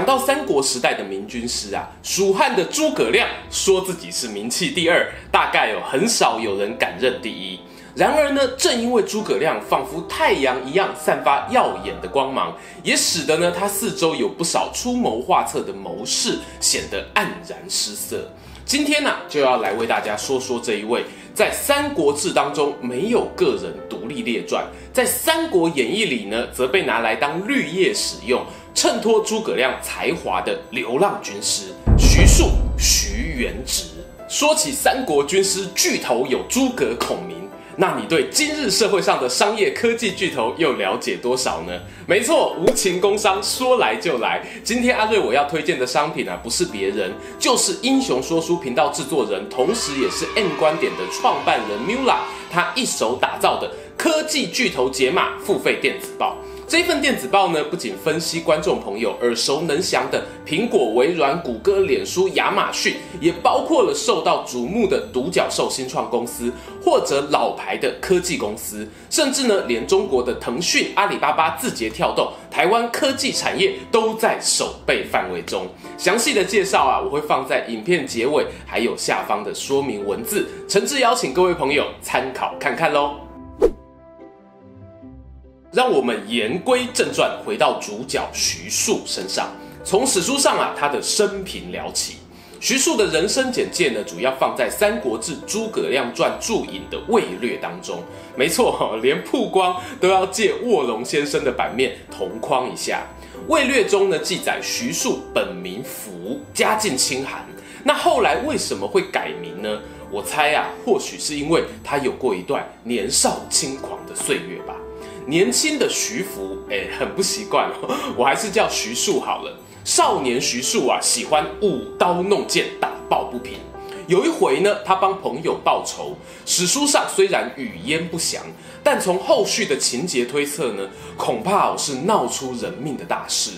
講到三國時代的名軍師啊，蜀漢的諸葛亮說自己是名氣第二，大概有很少有人敢認第一。然而呢，正因為諸葛亮仿佛太陽一樣散發耀眼的光芒，也使得呢他四周有不少出謀劃策的謀士顯得黯然失色。今天啊，就要來為大家說說這一位在《三國志》當中沒有個人獨立列傳，在《三國演義》裡呢，則被拿來當綠葉使用，襯托諸葛亮才華的流浪軍師徐庶、徐元直。說起三國軍師巨頭，有諸葛孔明，那你對今日社會上的商業科技巨頭又了解多少呢？沒錯，無情工商說來就來。今天阿睿我要推薦的商品啊，不是別人，就是英雄說書頻道製作人，同時也是 M 觀點的創辦人 Mula，他一手打造的科技巨頭解碼付費電子報。這份電子報呢，不僅分析觀眾朋友耳熟能詳的蘋果、微軟、谷歌、臉書、亞馬遜，也包括了受到矚目的獨角獸新創公司，或者老牌的科技公司，甚至呢，連中國的騰訊、阿里巴巴、字節跳動、台灣科技產業都在守備範圍中。詳細的介紹啊，我會放在影片結尾，還有下方的說明文字，誠摯邀請各位朋友參考看看嘍。讓我們言歸正傳，回到主角徐庶身上。從史書上啊，他的生平聊起。徐庶的人生簡介呢，主要放在《三國志·諸葛亮傳》注引的《魏略》當中。沒錯，連曝光都要借臥龍先生的版面同框一下。《魏略》中呢，記載，徐庶本名福，家境清寒。那後來為什麼會改名呢？我猜啊，或許是因為他有過一段年少輕狂的歲月吧。年輕的徐福，誒，很不習慣哦，我還是叫徐庶好了。少年徐庶啊，喜歡舞刀弄劍，打抱不平。有一回呢，他幫朋友報仇，史書上雖然語焉不詳，但從後續的情節推測呢，恐怕是鬧出人命的大事。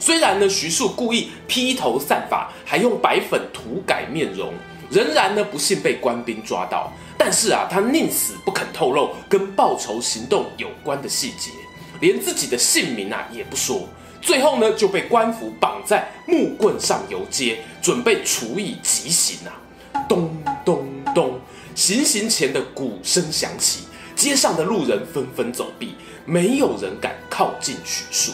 雖然呢，徐庶故意披頭散髮，還用白粉塗改面容，仍然呢，不幸被官兵抓到。但是啊，他寧死不肯透露跟報仇行動有關的細節，連自己的姓名啊也不說。最後呢，就被官府綁在木棍上遊街，準備處以極刑啊！咚咚咚，行刑前的鼓聲響起，街上的路人紛紛走避，沒有人敢靠近徐庶。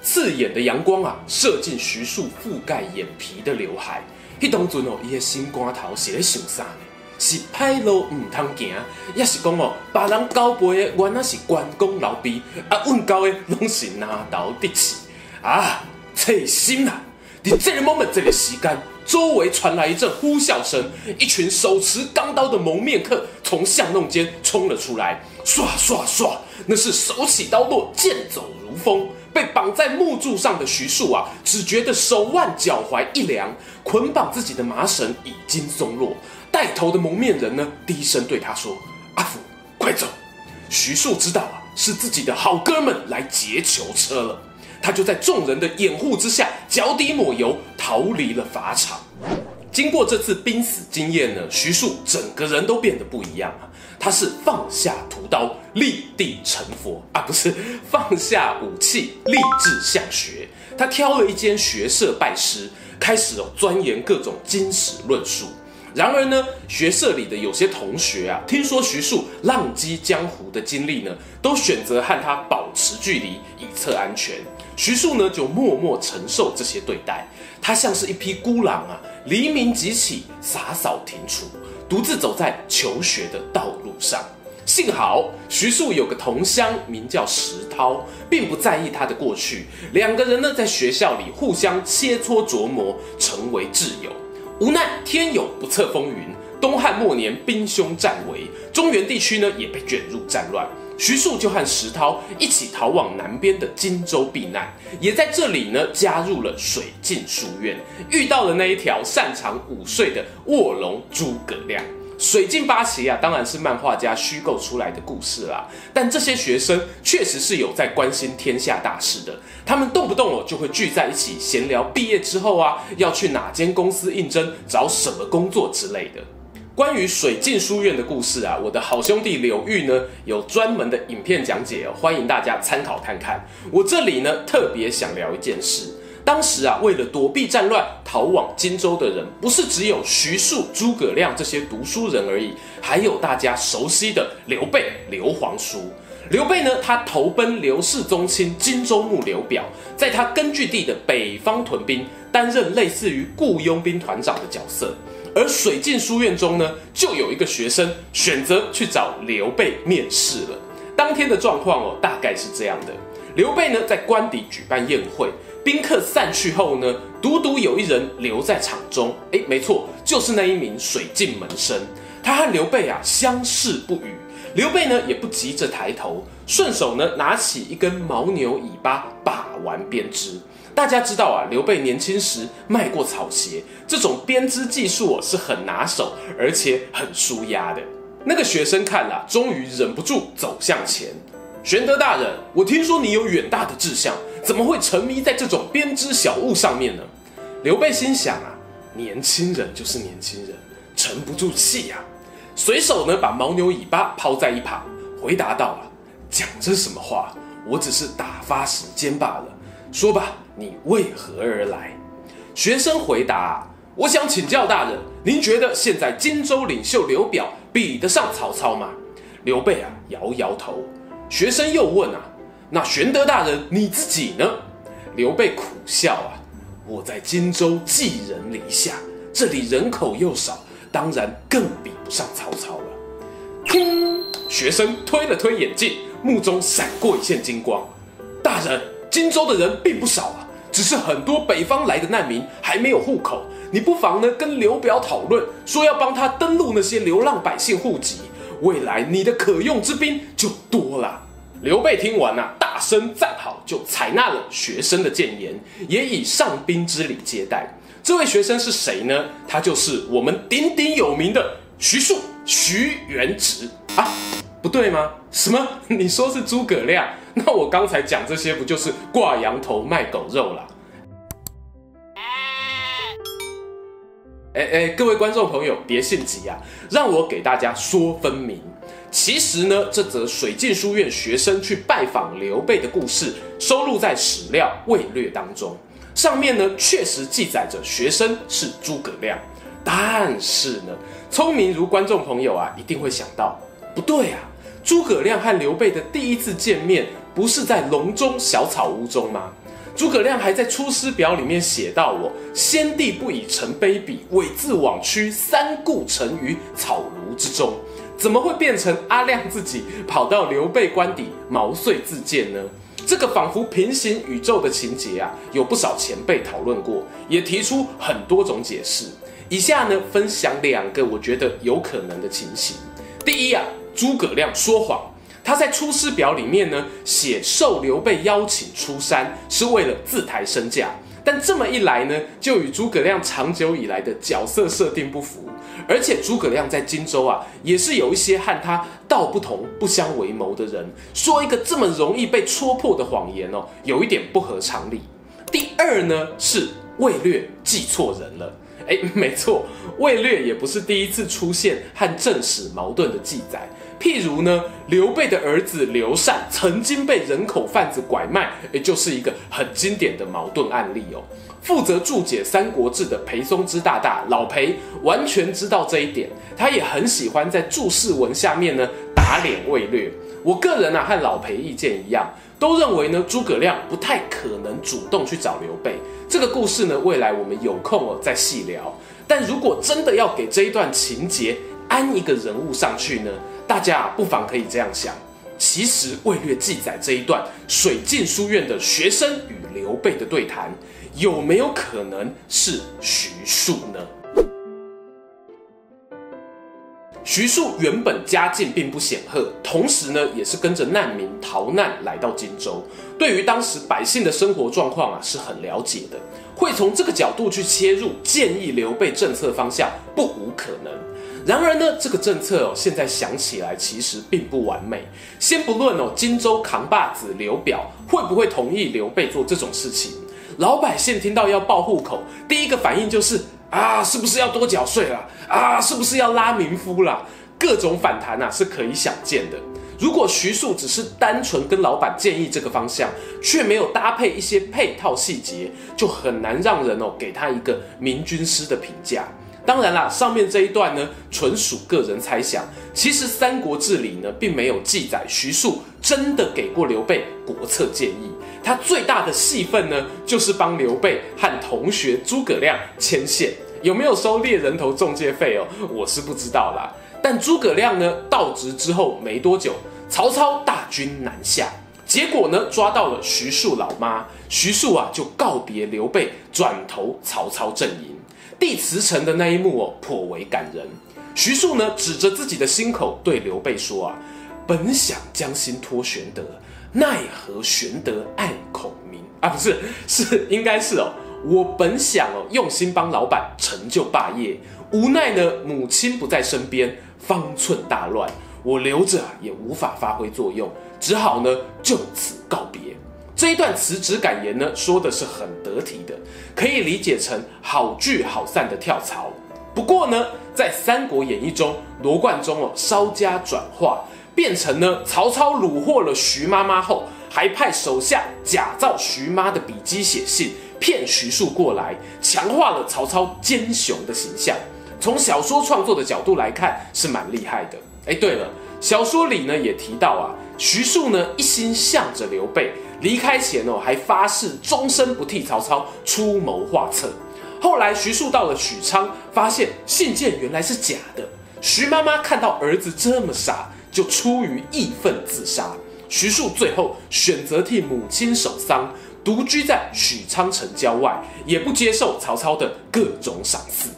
刺眼的陽光啊，射進徐庶覆蓋眼皮的劉海。那當陣哦，伊個心肝頭是咧想啥呢？是歹路唔通行，也是講哦，別人交杯的原來是關公劉備。啊，阮交嘅攏是拿刀的士啊，小心啊！你這個 moment 這個時間，周圍傳來一陣呼嘯聲，一群手持鋼刀的蒙面客從巷弄間衝了出來，刷刷刷，刷，刷，那是手起刀落，劍走如風。被綁在木柱上的徐庶啊，只覺得手腕腳踝一涼，捆綁自己的麻繩已經鬆落。帶頭的蒙面人呢，低聲對他說：“阿福，快走！”徐庶知道啊，是自己的好哥們來劫囚車了。他就在眾人的掩護之下，腳底抹油，逃離了法場。經過這次瀕死經驗呢，徐庶整個人都變得不一樣了啊。他是放下屠刀，立地成佛啊，不是放下武器，立志向學。他挑了一間學社拜師，開始哦鑽研各種經史論述。然而呢，學社裡的有些同學啊，聽說徐庶浪跡江湖的經歷呢，都選擇和他保持距離以策安全。徐庶呢，就默默承受這些對待，他像是一匹孤狼啊，黎明即起，灑掃庭除，獨自走在求學的道路上。幸好徐庶有個同鄉名叫石濤，並不在意他的過去。兩個人呢，在學校裡互相切磋琢磨，成為摯友。無奈天有不測風雲，東漢末年兵凶戰危，中原地區呢，也被捲入戰亂，徐庶就和石韜一起逃往南邊的荊州避難，也在這裡呢加入了水鏡書院，遇到了那一條擅長午睡的臥龍諸葛亮。水鏡八奇啊，當然是漫畫家虛構出來的故事啦、啊。但這些學生確實是有在關心天下大事的，他們動不動哦就會聚在一起閒聊，畢業之後啊要去哪間公司應徵，找什麼工作之類的。關於水鏡書院的故事啊，我的好兄弟柳豫呢有專門的影片講解，哦，歡迎大家參考看看。我這裡呢特別想聊一件事。當時啊，為了躲避戰亂，逃往荊州的人不是只有徐庶、諸葛亮這些讀書人而已，還有大家熟悉的劉備、劉皇叔。劉備呢，他投奔劉氏宗親荊州牧劉表，在他根據地的北方屯兵，擔任類似於雇傭兵團長的角色。而水鏡書院中呢，就有一個學生選擇去找劉備面試了。當天的狀況哦，大概是這樣的：劉備呢，在官邸舉辦宴會。賓客散去後呢，獨獨有一人留在場中。哎，沒錯，就是那一名水鏡門生。他和劉備啊相視不語。劉備呢也不急着抬頭，順手呢拿起一根犛牛尾巴把玩編織。大家知道啊，劉備年輕時賣過草鞋，這種編織技術啊是很拿手，而且很舒壓的。那個學生看了啊，終於忍不住走向前。玄德大人，我聽說你有遠大的志向，怎麼會沉迷在這種編織小物上面呢？劉備心想啊，年輕人就是年輕人，沉不住氣啊。隨手呢把牦牛尾巴拋在一旁，回答道：“講這什麼話？我只是打發時間罷了。說吧，你為何而來？”學生回答啊：“我想請教大人，您覺得現在荊州領袖劉表比得上曹操嗎？”劉備啊，搖搖頭。學生又問啊，那玄德大人你自己呢？劉備苦笑啊，我在荊州寄人籬下，這裡人口又少，當然更比不上曹操了。砰！學生推了推眼鏡，目中閃過一線金光。大人，荊州的人並不少啊，只是很多北方來的難民還沒有戶口，你不妨呢跟劉表討論，說要幫他登錄那些流浪百姓戶籍。未來你的可用之兵就多了。劉備聽完吶、啊，大聲讚好，就採納了學生的建言，也以上賓之禮接待。這位學生是誰呢？他就是我們鼎鼎有名的徐庶，徐元直。啊，不對嗎？什麼？你說是諸葛亮？那我剛才講這些不就是掛羊頭賣狗肉啦？哎哎，各位觀眾朋友，別性急啊，讓我給大家說分明。其實呢，這則水鏡書院學生去拜訪劉備的故事，收錄在史料《魏略》當中，上面呢，確實記載着學生是諸葛亮。但是呢，聰明如觀眾朋友啊，一定會想到，不對啊，諸葛亮和劉備的第一次見面，不是在隆中小草屋中嗎？諸葛亮還在《出師表》裡面寫到：“我先帝不以臣卑鄙，猥自枉屈，三顧臣於草廬之中。”怎麼會變成阿亮自己跑到劉備官邸毛遂自薦呢？這個仿佛平行宇宙的情節啊，有不少前輩討論過，也提出很多種解釋。以下呢，分享兩個我覺得有可能的情形：第一啊，諸葛亮說謊。他在《出師表》裡面呢，寫受劉備邀請出山是為了自抬身價，但這麼一來呢，就與諸葛亮長久以來的角色設定不符，而且諸葛亮在荊州啊，也是有一些和他道不同不相為謀的人，說一個這麼容易被戳破的謊言哦，有一點不合常理。第二呢，是魏略記錯人了，誒，沒錯，魏略也不是第一次出現和正史矛盾的記載。譬如呢，劉備的兒子劉禪曾經被人口販子拐賣，也就是一個很經典的矛盾案例哦。負責注解《三國志》的裴松之大大，老裴完全知道這一點，他也很喜歡在注釋文下面呢打，臉魏略。我個人啊，和老裴意見一樣，都認為呢，諸葛亮不太可能主動去找劉備。這個故事呢，未來我們有空哦，再細聊。但如果真的要給這一段情節，安一個人物上去呢？大家啊，不妨可以這樣想：其實魏略記載這一段水鏡書院的學生與劉備的對談，有沒有可能是徐庶呢？徐庶原本家境並不顯赫，同時呢也是跟着難民逃難來到荊州，對於當時百姓的生活狀況啊是很了解的，會從這個角度去切入，建議劉備政策方向不無可能。然而呢，這個政策哦，現在想起來其實並不完美。先不論哦，荊州扛把子劉表會不會同意劉備做這種事情，老百姓聽到要報戶口，第一個反應就是啊，是不是要多繳稅啦？啊，是不是要拉民夫啦？各種反彈吶，啊，是可以想見的。如果徐庶只是單純跟老板建議這個方向，卻沒有搭配一些配套細節，就很難讓人哦給他一個明軍師的評價。當然啦，上面這一段呢，純屬個人猜想。其實《三國志》裡呢，並沒有記載徐庶真的給過劉備國策建議。他最大的戲份呢，就是幫劉備和同學諸葛亮牽線。有沒有收獵人頭中介費哦？我是不知道啦。但諸葛亮呢，到職之後沒多久，曹操大軍南下，結果呢，抓到了徐庶老媽。徐庶啊，就告別劉備，轉投曹操陣營。地辭臣的那一幕哦，頗為感人。徐庶呢，指着自己的心口對劉備說啊：“本想將心託玄德，奈何玄德愛孔明。啊，不是，是應該是哦。我本想哦，用心幫老闆成就霸業，無奈呢，母親不在身邊，方寸大亂，我留着也無法發揮作用，只好呢，就此告別。”這一段辭職感言呢，說的是很得體的，可以理解成好聚好散的跳槽。不過呢，在《三國演義》中，羅貫中哦稍加轉化，變成呢曹操擄獲了徐媽媽後，還派手下假造徐媽的筆跡寫信，騙徐庶過來，強化了曹操奸雄的形象。從小說創作的角度來看，是蠻厲害的。哎，對了，小說裡呢也提到啊。徐庶呢，一心向着劉備。離開前哦，還發誓終身不替曹操出謀劃策。後來，徐庶到了許昌，發現信件原來是假的。徐媽媽看到兒子這麼傻，就出於義憤自殺。徐庶最後選擇替母親守喪，獨居在許昌城郊外，也不接受曹操的各種賞賜。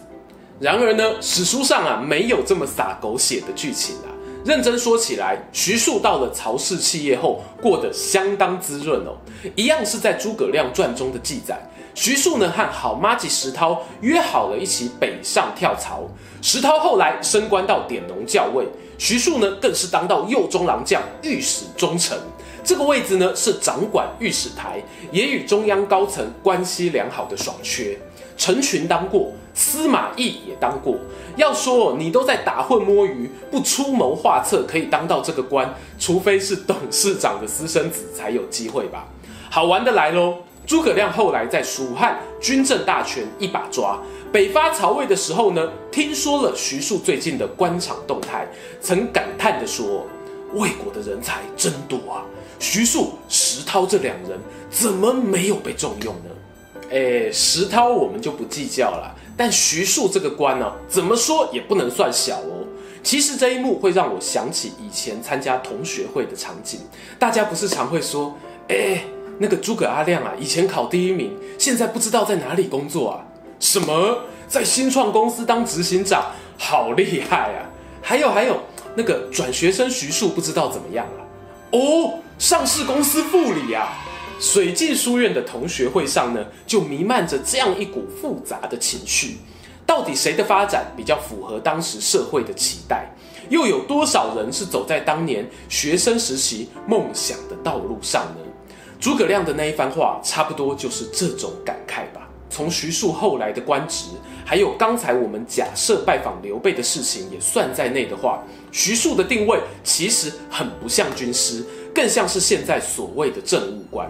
然而呢，史書上啊，沒有這麼灑狗血的劇情啊。認真說起來，徐庶到了曹氏企業後，過得相當滋潤哦。一樣是在《諸葛亮傳》中的記載，徐庶呢和好麻吉石韜約好了一起北上跳槽。石韜後來升官到典農校尉，徐庶呢更是當到右中郎將、御史中丞。這個位置呢，是掌管御史台，也與中央高層關係良好的爽缺，陳群當過，司馬懿也當過。要說你都在打混摸魚，不出謀劃策，可以當到這個官，除非是董事長的私生子才有機會吧？好玩的來咯！諸葛亮後來在蜀漢軍政大權一把抓，北伐曹魏的時候呢，聽說了徐庶最近的官場動態，曾感嘆的說：“魏國的人才真多啊，徐庶、石韜這兩人怎麼沒有被重用呢？”哎，石韜我們就不計較了。但徐庶這個官呢、啊，怎麼說也不能算小哦。其實這一幕會讓我想起以前參加同學會的場景，大家不是常會說：“哎、欸，那個諸葛阿亮啊，以前考第一名，現在不知道在哪裡工作啊？什麼在新創公司當執行長，好厲害啊！還有還有，那個轉學生徐庶不知道怎麼樣了、啊？哦，上市公司副理啊。水鏡書院的同學會上呢，就瀰漫着這樣一股複雜的情緒。到底誰的發展比較符合當時社會的期待？又有多少人是走在當年學生時期夢想的道路上呢？諸葛亮的那一番話，差不多就是這種感慨吧。從徐庶後來的官職，還有剛才我們假設拜訪劉備的事情也算在內的話，徐庶的定位其實很不像軍師。更像是現在所謂的政務官，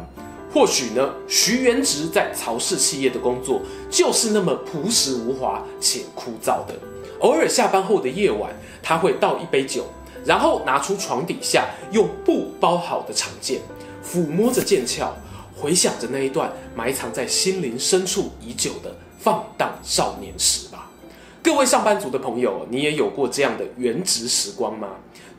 或許呢，徐元直在曹氏企業的工作就是那麼樸實無華且枯燥的。偶爾下班後的夜晚，他會倒一杯酒，然後拿出床底下用布包好的長劍，撫摸着劍鞘，回想着那一段埋藏在心靈深處已久的放蕩少年時吧。各位上班族的朋友，你也有過這樣的原職時光嗎？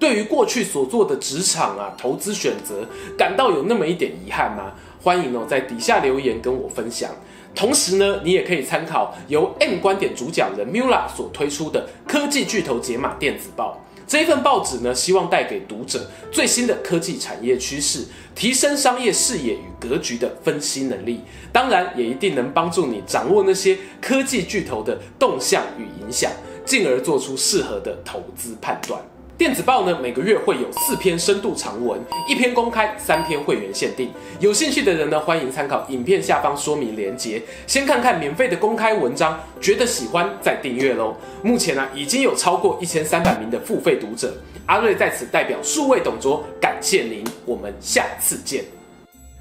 對於過去所做的職場啊、投資選擇，感到有那麼一點遺憾嗎？歡迎哦，在底下留言跟我分享。同時呢，你也可以參考由 M 觀點主講人 Mula 所推出的科技巨頭解碼電子報。這份報紙呢，希望帶給讀者最新的科技產業趨勢，提升商業視野與格局的分析能力。當然，也一定能幫助你掌握那些科技巨頭的動向與影響，進而做出適合的投資判斷。電子報呢，每個月會有四篇深度長文，一篇公開，三篇會員限定。有興趣的人呢，歡迎參考影片下方說明鏈接，先看看免費的公開文章，覺得喜歡再訂閱嘍。目前呢、啊，已經有超過一千三百名的付費讀者。阿睿在此代表數位董卓感謝您，我們下次見。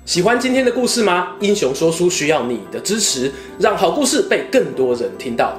喜歡今天的故事嗎？英雄說書需要你的支持，讓好故事被更多人聽到。